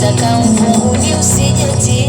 nataka ufungulie, usijetia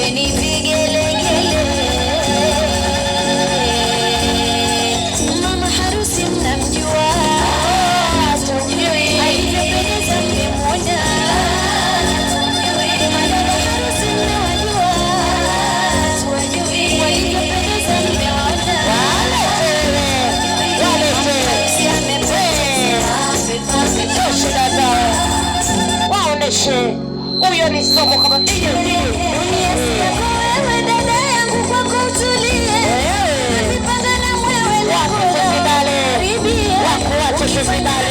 anything. Muchos that.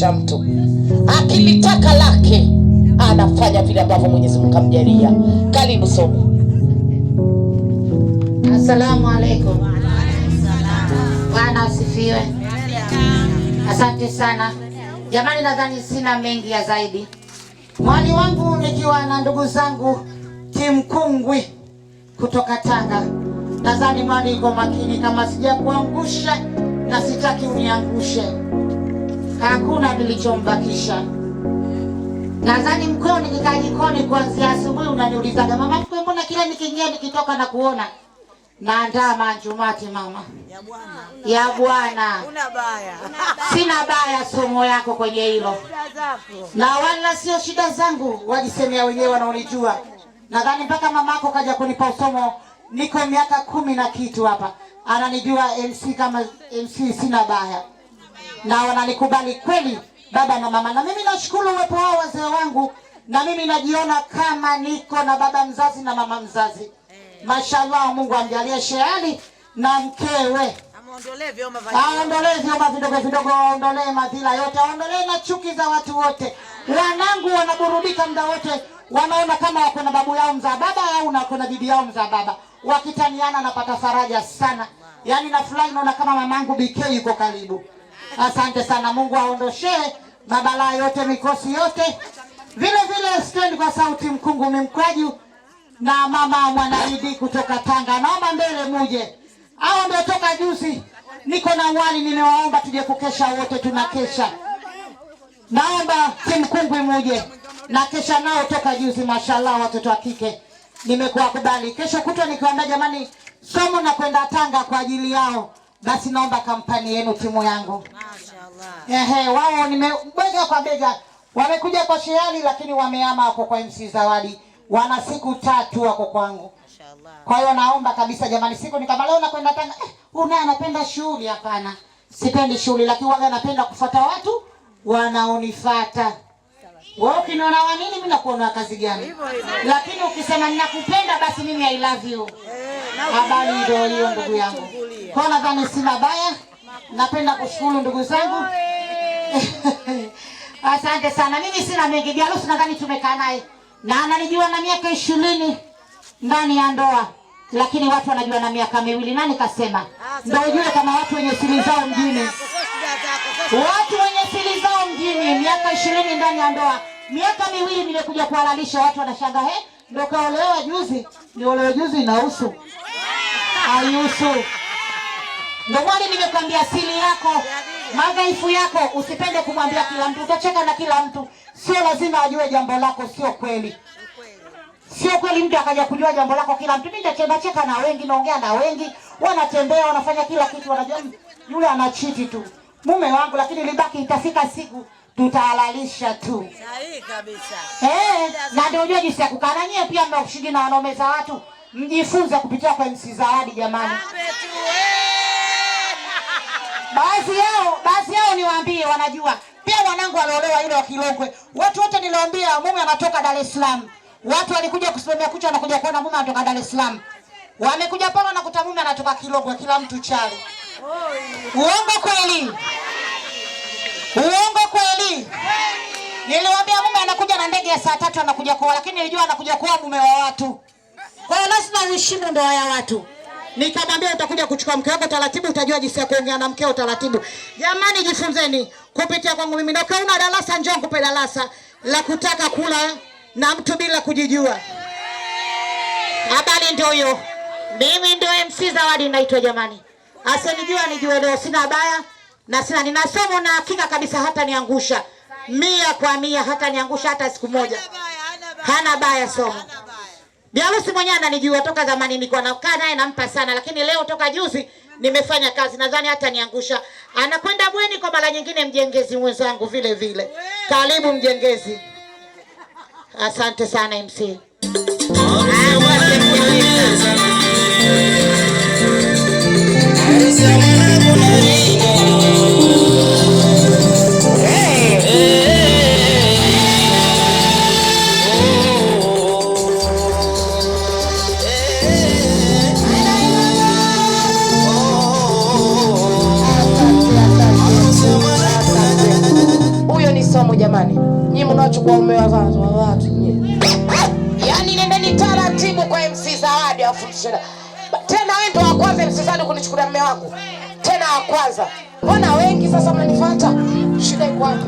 kumwangusha mtu. Akilitaka lake anafanya vile ambavyo Mwenyezi Mungu amjalia. Karibu somo. Asalamu alaykum. Bwana asifiwe. Asante sana jamani, nadhani sina mengi ya zaidi. mwani wangu nikiwa na ndugu zangu Timkungwi kutoka Tanga. Nadhani mwali iko makini, kama sijakuangusha na sitaki uniangushe hakuna kilichombakisha. Nadhani mkoni nikikaa jikoni kuanzia asubuhi, unaniulizaga mama mkwe, mbona kila nikiingia nikitoka na kuona naandaa manjumati mama ya Bwana, sina baya somo yako kwenye hilo, na wala sio shida zangu, wajisemea wenyewe wanaonijua. Nadhani mpaka mamako kaja kunipa somo, niko miaka kumi na kitu hapa, ananijua MC kama MC, sina baya na wananikubali kweli, baba na mama, na mimi nashukuru uwepo wao wazee wangu, na mimi najiona kama niko na baba mzazi na mama mzazi. Eh. Mashallah, Mungu amjalie Shehani na mkewe, aondolee vyoma vidogo vidogo, aondolee madhila yote, aondolee na chuki za watu wote. Wanangu wanaburudika muda wote, wanaona kama wako na babu yao mzaa baba au wako na bibi yao mzaa baba, wakitaniana napata faraja sana, yaani nafurahi, naona kama mamangu BK yuko karibu. Asante sana, Mungu aondoshee mabalaa yote, mikosi yote. Vile vile stand kwa sauti mkungu mimkwaju na mama Mwanaidi kutoka Tanga, naomba mbele muje. Hao ndio toka juzi niko na wali, nimewaomba tuje kukesha wote, tunakesha. Naomba timkungu muje na kesha nao toka juzi, mashallah, watoto wa kike nimekuwa kubali. Kesho kutwa nikiwaambia, jamani, somo na kwenda Tanga kwa ajili yao basi naomba kampani yenu, timu yangu ehe, wao nimebega kwa bega wamekuja kwa Shehali, lakini wameama wako kwa MC Zawadi, wana siku tatu wako kwangu. Kwa hiyo naomba kabisa jamani, siku ni kama leo nakwenda Tanga. Eh, una anapenda shughuli? Hapana, sipendi shughuli, lakini waga anapenda kufuata watu wanaonifata wewe ukiniona wa nini mimi nakuona kazi gani? Lakini ukisema ninakupenda basi mimi I love you. Eh, Habari ndio hiyo ndugu yangu. Kwa nadhani si mabaya, Napenda kushukuru ndugu zangu. Asante sana. Mimi sina mengi. Bi harusi nadhani tumekaa naye. Na ananijua na miaka ishirini ndani ya ndoa. Lakini watu wanajua na miaka miwili. Nani kasema? Ah, ndio ujue kama watu wenye siri zao mjini. Watu wenye nini, miaka ishirini ndani ya ndoa, miaka miwili nimekuja kuhalalisha, watu wanashangaa, he, eh, ndo kaolewa juzi? Niolewe juzi inahusu aihusu? Ndo mwali nimekwambia siri yako, madhaifu yako usipende kumwambia kila mtu, utacheka na kila mtu, sio lazima ajue jambo lako, sio kweli Sio kweli mtu akaja kujua jambo lako kila mtu. Mimi nacheka cheka na wengi, naongea na wengi, wanatembea wanafanya kila kitu, wanajua yule anachiti tu mume wangu, lakini libaki itafika siku tutahalalisha tu. Sahihi kabisa. Eh, na ndio unajua jinsi ya kukaa na nyewe pia mnakushindi na wanaume za watu. Mjifunze kupitia kwa MC Zawadi jamani. Eh. Baadhi yao, baadhi yao niwaambie wanajua. Pia wanangu waliolewa yule wa Kilongwe. Watu wote niliwaambia mume anatoka Dar es Salaam. Watu walikuja kusimamia kucha wanakuja kuona mume anatoka Dar es Salaam. Wamekuja pale wanakuta mume anatoka Kilongwe kila mtu chali. Uongo kweli? Uongo kweli? Niliwaambia mume anakuja na ndege ya saa tatu anakuja kuoa, lakini nilijua anakuja kuoa mume wa watu. Kwa hiyo lazima uheshimu ndoa ya watu. Nikamwambia utakuja kuchukua mke wako taratibu, utajua jinsi ya kuongea na mkeo taratibu. Jamani, jifunzeni kupitia kwangu mimi, na ukiona darasa njoo nikupe darasa la kutaka kula eh, na mtu bila kujijua. Habari ndio hiyo. Mimi ndio MC Zawadi naitwa jamani, asenijua nijue leo, sina baya na sina, ninasema na hakika kabisa niangusha mia kwa mia, niangusha hata siku moja. Hana baya somo. Bi harusi mwenyewe ananijua toka zamani, nilikuwa nakaa naye nampa sana, lakini leo toka juzi nimefanya kazi, nadhani hata niangusha. Anakwenda bweni kwa mara nyingine, mjengezi mwenzangu vile vile. Karibu mjengezi. Asante sana MC. kuwa umewazaza watu. Yaani nendeni taratibu kwa MC Zawadi afundishe. Tena wewe ndo wa kwanza MC Zawadi kunichukulia mume wangu. Tena wa kwanza. Mbona wengi sasa mnanifuata? Shida iko wapi?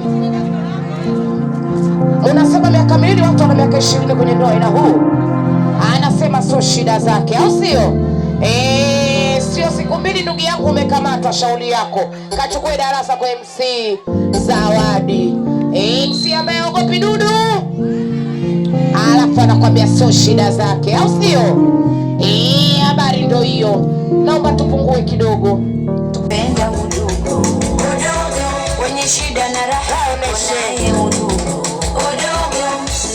Unasema miaka miwili watu wana miaka 20 kwenye ndoa ina huu. Anasema sio shida zake, au sio? Eh, sio siku mbili ndugu yangu umekamatwa shauri yako. Kachukue darasa kwa MC Zawadi nsi ambaye ogopi dudu, alafu anakwambia sio shida zake, au sio? Eh, habari ndo hiyo, naomba tupungue kidogo Tupenda wenye shida na raha unaye udugu udogo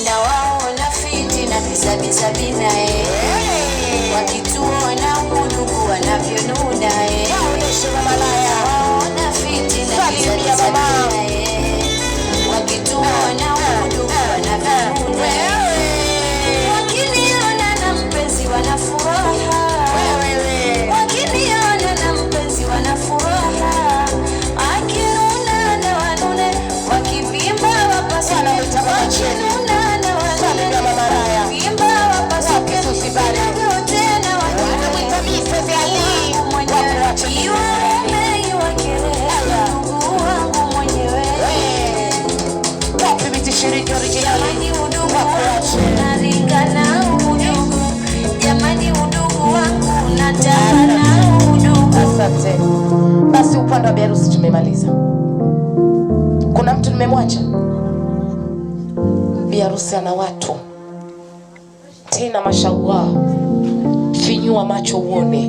na wao na fiti na visa visa binae Bwana biharusi tumemaliza. Kuna mtu nimemwacha? Biharusi ana watu tena, mashallah, finyua macho uone.